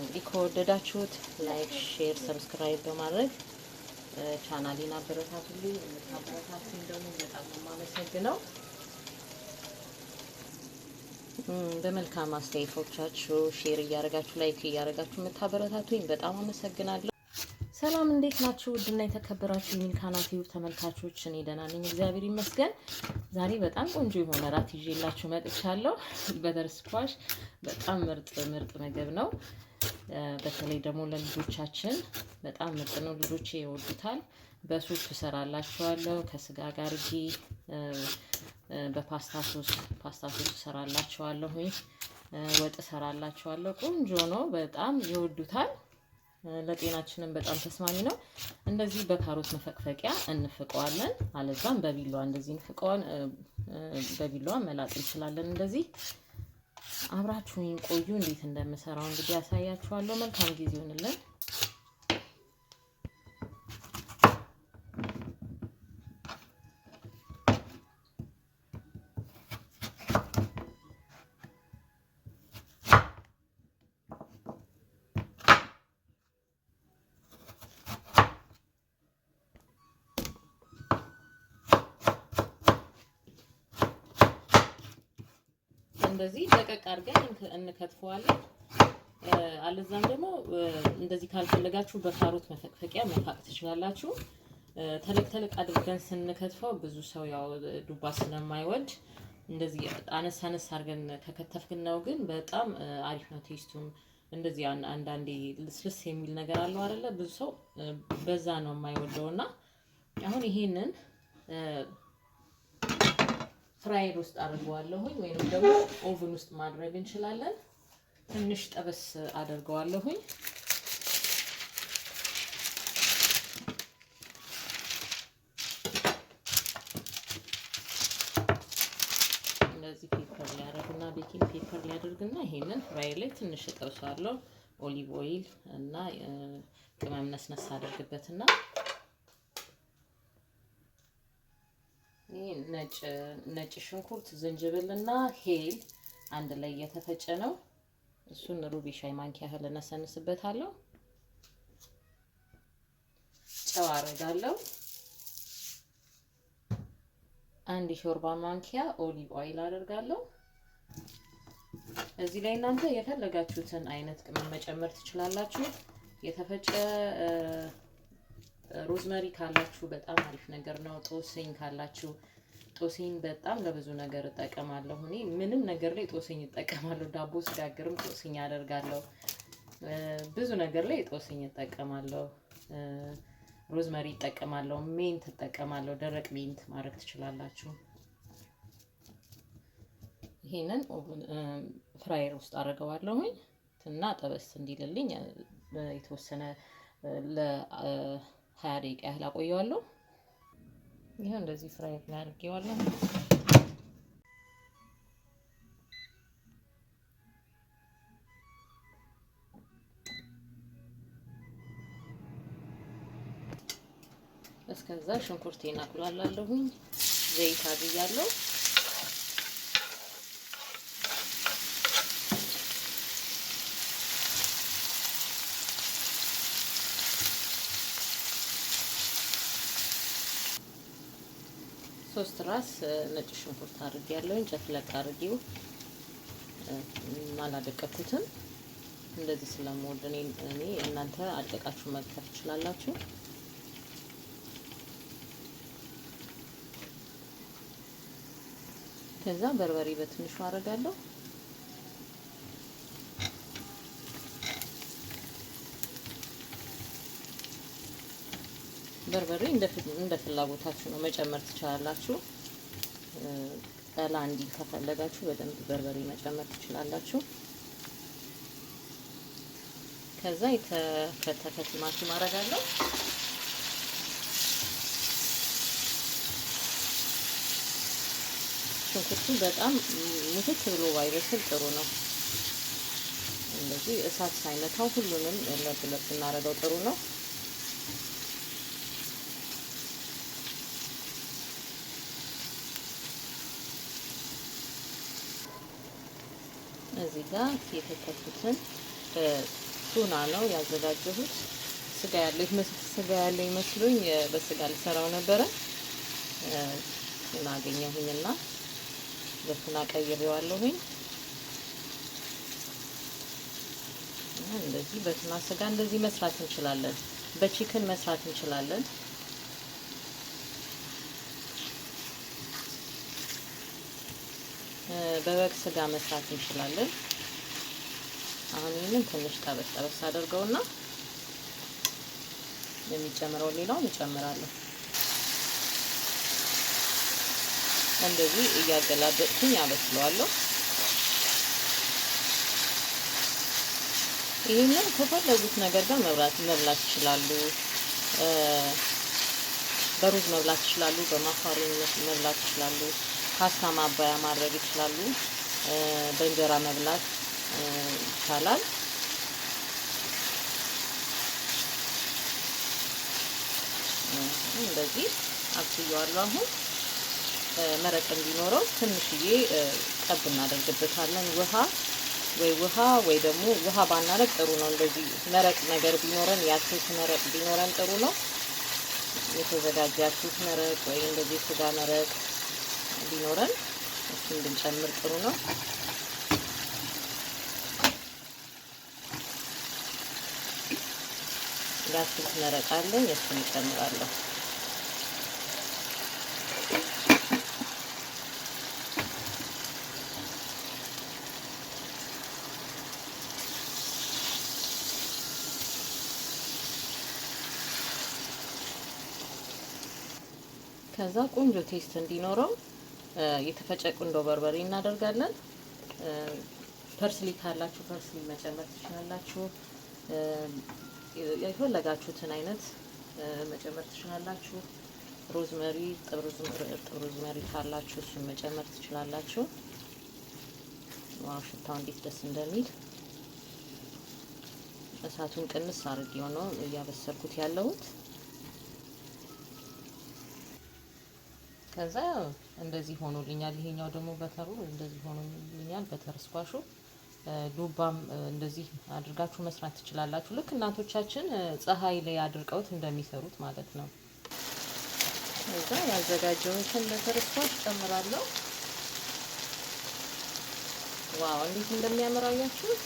እንግዲህ ከወደዳችሁት ላይክ፣ ሼር፣ ሰብስክራይብ በማድረግ ቻናሌን አበረታቱልኝ። የምታበረታቱኝ ደግሞ በጣም የማመሰግነው። በመልካም አስተያየቶቻችሁ ሼር እያደረጋችሁ ላይክ እያደረጋችሁ የምታበረታቱኝ በጣም አመሰግናለሁ። ሰላም እንዴት ናችሁ? ውድና የተከበራችሁ የሚልካና ቲዩብ ተመልካቾች፣ እኔ ደህና ነኝ፣ እግዚአብሔር ይመስገን። ዛሬ በጣም ቆንጆ የሆነ ራት ይዤላችሁ መጥቻለሁ። በተር ስኳሽ በጣም ምርጥ ምርጥ ምግብ ነው። በተለይ ደግሞ ለልጆቻችን በጣም ምርጥ ነው። ልጆቼ ይወዱታል። በሱፕ እሰራላችኋለሁ ከስጋ ጋር እጂ በፓስታ ሶስ ፓስታ ሶስ እሰራላችኋለሁኝ። ወጥ እሰራላችኋለሁ። ቆንጆ ነው። በጣም ይወዱታል። ለጤናችንም በጣም ተስማሚ ነው። እንደዚህ በካሮት መፈቅፈቂያ እንፍቀዋለን። አለዛም በቢላዋ እንደዚህ እንፍቀዋን በቢላዋ መላጥ እንችላለን እንደዚህ አብራችሁኝ ቆዩ። እንዴት እንደምሰራው እንግዲህ ያሳያችኋለሁ። መልካም ጊዜ ይሆንልን። እንደዚህ ደቀቅ አድርገን እንከትፈዋለን። አለዛም ደግሞ እንደዚህ ካልፈለጋችሁ በካሮት መፈቅፈቂያ መፋቅ ትችላላችሁ። ተለቅ ተለቅ አድርገን ስንከትፈው ብዙ ሰው ያው ዱባ ስለማይወድ እንደዚህ አነስ አነስ አድርገን ነው ግን በጣም አሪፍ ነው ቴስቱም። እንደዚህ አንዳንዴ ልስልስ የሚል ነገር አለው አይደለ? ብዙ ሰው በዛ ነው የማይወደው እና አሁን ይሄንን ፍራይድ ውስጥ አድርገዋለሁኝ ወይም ደግሞ ኦቭን ውስጥ ማድረግ እንችላለን። ትንሽ ጠበስ አድርገዋለሁኝ። እንደዚህ ፔፐር ሊያደርግና ቤኪንግ ፔፐር ሊያደርግና ይሄንን ፍራይ ላይ ትንሽ እጠብሳለሁ። ኦሊቭ ኦይል እና ቅመም ነስነስ አደርግበትና ነጭ ሽንኩርት፣ ዝንጅብል እና ሄል አንድ ላይ እየተፈጨ ነው። እሱን ሩብ ሻይ ማንኪያ ያህል እነሰንስበታለሁ። ጨው አረጋለሁ። አንድ ሾርባ ማንኪያ ኦሊቭ ኦይል አደርጋለሁ። እዚህ ላይ እናንተ የፈለጋችሁትን አይነት ቅመም መጨመር ትችላላችሁ። የተፈጨ ሮዝመሪ ካላችሁ በጣም አሪፍ ነገር ነው። ጦስኝ ካላችሁ ጦስኝ በጣም ለብዙ ነገር እጠቀማለሁ። እኔ ምንም ነገር ላይ ጦስኝ እጠቀማለሁ። ዳቦ ስጋግርም ጦስኝ አደርጋለሁ። ብዙ ነገር ላይ ጦስኝ እጠቀማለሁ። ሮዝመሪ እጠቀማለሁ። ሜንት እጠቀማለሁ። ደረቅ ሜንት ማድረግ ትችላላችሁ። ይሄንን ፍራየር ውስጥ አደርገዋለሁኝ እና ጠበስ እንዲልልኝ የተወሰነ ሀያ ደቂቃ ያህል አቆየዋለሁ። ይኸው እንደዚህ ፍራይ ላይ አድርጌዋለሁ። እስከዛ ሽንኩርቴን አቁላላለሁኝ። ዘይት አብያለሁ። ሶስት ራስ ነጭ ሽንኩርት አድርጌ ያለው ጨፍለቅ አድርጌው አላደቀኩትም። እንደዚህ ስለምወድ እኔ እኔ እናንተ አድቀቃችሁ መቅጠፍ ትችላላችሁ። ከዛ በርበሬ በትንሹ አደርጋለሁ። በርበሬ እንደ ፍላጎታችሁ ነው መጨመር ትችላላችሁ። ቀላ እንዲል ከፈለጋችሁ በደንብ በርበሬ መጨመር ትችላላችሁ። ከዛ የተከተፈ ቲማቲም አደርጋለሁ። ሽንኩርቱ በጣም ሙትት ብሎ ባይበስል ጥሩ ነው። እንደዚህ እሳት ሳይነካው ሁሉንም ለብለብ እናደርገው ጥሩ ነው። እዚህ ጋር ቱና ነው ያዘጋጀሁት። ስጋ ያለው ስጋ ያለው ይመስሉኝ በስጋ ልሰራው ነበረ። ቱና አገኘሁኝና በቱና ቀይሬዋለሁኝ። እንደዚህ በቱና ስጋ እንደዚህ መስራት እንችላለን። በቺክን መስራት እንችላለን። በበግ ስጋ መስራት እንችላለን። አሁን ይህንን ትንሽ ጠበስ ጠበስ አድርገውና የሚጨምረው ሌላውም እጨምራለሁ። እንደዚህ እያገላበጥኩኝ አበስለዋለሁ። ይህንን ከፈለጉት ነገር ጋር መብላት መብላት ይችላሉ። በሩዝ መብላት ይችላሉ። በማካሮኒ መብላት ይችላሉ። ፓስታ ማባያ ማድረግ ይችላሉ። በእንጀራ መብላት ይቻላል። እንደዚህ አብስያዋለሁ። አሁን መረቅ እንዲኖረው ትንሽዬ ጠብ እናደርግበታለን ውሃ ወይ ውሃ ወይ ደግሞ ውሃ ባናለቅ ጥሩ ነው። እንደዚህ መረቅ ነገር ቢኖረን የአትክልት መረቅ ቢኖረን ጥሩ ነው። የተዘጋጀ አትክልት መረቅ ወይ እንደዚህ ስጋ መረቅ ቢኖረን እሱ ብንጨምር ጥሩ ነው። የአትክልት መረቅ አለኝ እሱን እጨምራለሁ። ከዛ ቆንጆ ቴስት እንዲኖረው የተፈጨ ቁንዶ በርበሬ እናደርጋለን። ፐርስሊ ካላችሁ ፐርስሊ መጨመር ትችላላችሁ። የፈለጋችሁትን አይነት መጨመር ትችላላችሁ። ሮዝመሪ እርጥብ ሮዝመሪ ካላችሁ እሱን መጨመር ትችላላችሁ። ዋው ሽታው እንዴት ደስ እንደሚል እሳቱን ቅንስ አድርጌው ሆኖ እያበሰልኩት ያለሁት። ከዛ እንደዚህ ሆኖልኛል። ይሄኛው ደግሞ በተሩ እንደዚህ ሆኖልኛል። በተር ስኳሹ ዱባም እንደዚህ አድርጋችሁ መስራት ትችላላችሁ። ልክ እናቶቻችን ፀሐይ ላይ አድርቀውት እንደሚሰሩት ማለት ነው። እዛ ያዘጋጀሁትን ነገር ጨምራለሁ። ዋው እንዴት እንደሚያምር አያችሁት?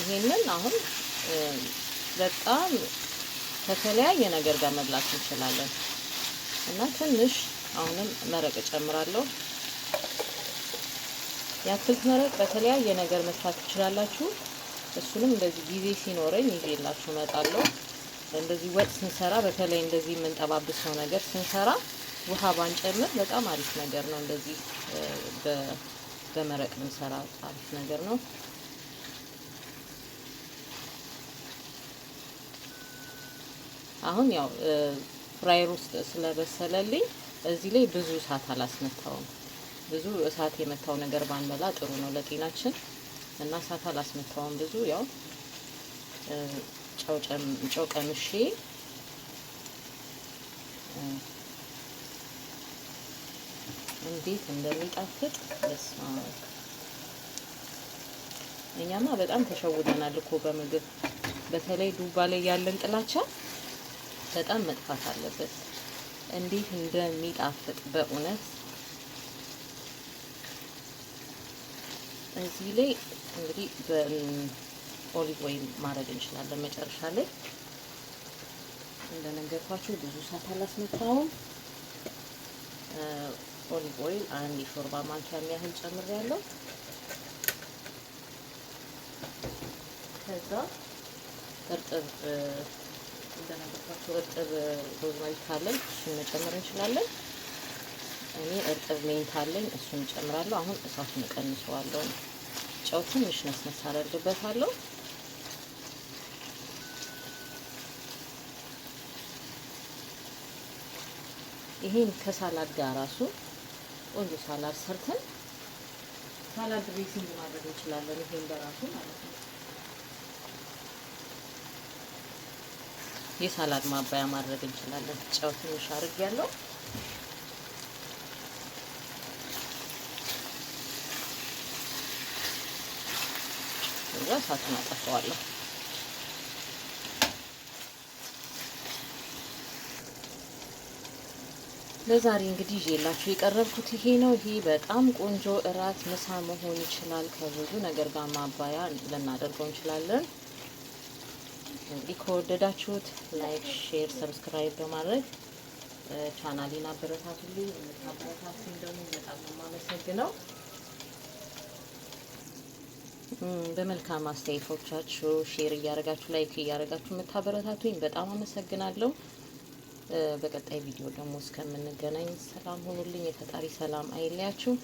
ይሄንን አሁን በጣም ከተለያየ ነገር ጋር መብላት እንችላለን እና ትንሽ አሁንም መረቅ እጨምራለሁ። የአትክልት መረቅ በተለያየ ነገር መስራት ትችላላችሁ። እሱንም እንደዚህ ጊዜ ሲኖረኝ ይዤላችሁ እመጣለሁ። እንደዚህ ወጥ ስንሰራ በተለይ እንደዚህ የምንጠባብሰው ነገር ስንሰራ ውሃ ባንጨምር በጣም አሪፍ ነገር ነው። እንደዚህ በመረቅ ብንሰራ አሪፍ ነገር ነው። አሁን ያው ፍራየር ውስጥ ስለበሰለልኝ እዚህ ላይ ብዙ እሳት አላስመታውም። ብዙ እሳት የመታው ነገር ባንበላ ጥሩ ነው ለጤናችን እና እሳት አላስመታውም ብዙ ያው ጨው ቀምሼ እንዴት እንደሚጣፍጥ እኛማ በጣም ተሸውደናል እኮ በምግብ በተለይ ዱባ ላይ ያለን ጥላቻ በጣም መጥፋት አለበት። እንዴት እንደሚጣፍጥ በእውነት እዚህ ላይ እንግዲህ በኦሊቭ ወይም ማድረግ እንችላለን። መጨረሻ ላይ እንደነገርኳችሁ ብዙ ሰዓት አላስመታውም። ኦሊቭ ኦይል አንድ የሾርባ ማንኪያ የሚያህል ያለው ከዛ እርጥብ እንደነገርኳቸው እርጥብ ሮዝመሪ ካለን እሱን መጨመር እንችላለን። እኔ እርጥብ ሜንት አለኝ እሱን እጨምራለሁ። አሁን እሳቱን እቀንሰዋለሁ። ጨው ትንሽ ነስነስ አደርግበታለሁ። ይሄን ከሳላድ ጋር ራሱ ቆንጆ ሳላድ ሰርተን ሳላድ ቤሲንግ ማድረግ እንችላለን። ይሄን በራሱ ማለት ነው። የሳላድ ማባያ ማድረግ እንችላለን። ጨው ትንሽ አርግ ያለው እዛ እሳቱን አጠፋዋለሁ። ለዛሬ እንግዲህ ይዤላችሁ የቀረብኩት ይሄ ነው። ይሄ በጣም ቆንጆ እራት ምሳ መሆን ይችላል። ከብዙ ነገር ጋር ማባያ ልናደርገው እንችላለን። እንግዲህ ከወደዳችሁት ላይክ፣ ሼር፣ ሰብስክራይብ በማድረግ ቻናል አበረታቱልኝ። የምታበረታቱኝ ደግሞ በጣም ነው የማመሰግነው። በመልካም አስተያየቶቻችሁ ሼር እያደረጋችሁ ላይክ እያደረጋችሁ የምታበረታቱኝ በጣም አመሰግናለሁ። በቀጣይ ቪዲዮ ደግሞ እስከምንገናኝ ሰላም ሁኑልኝ። የፈጣሪ ሰላም አይለያችሁ።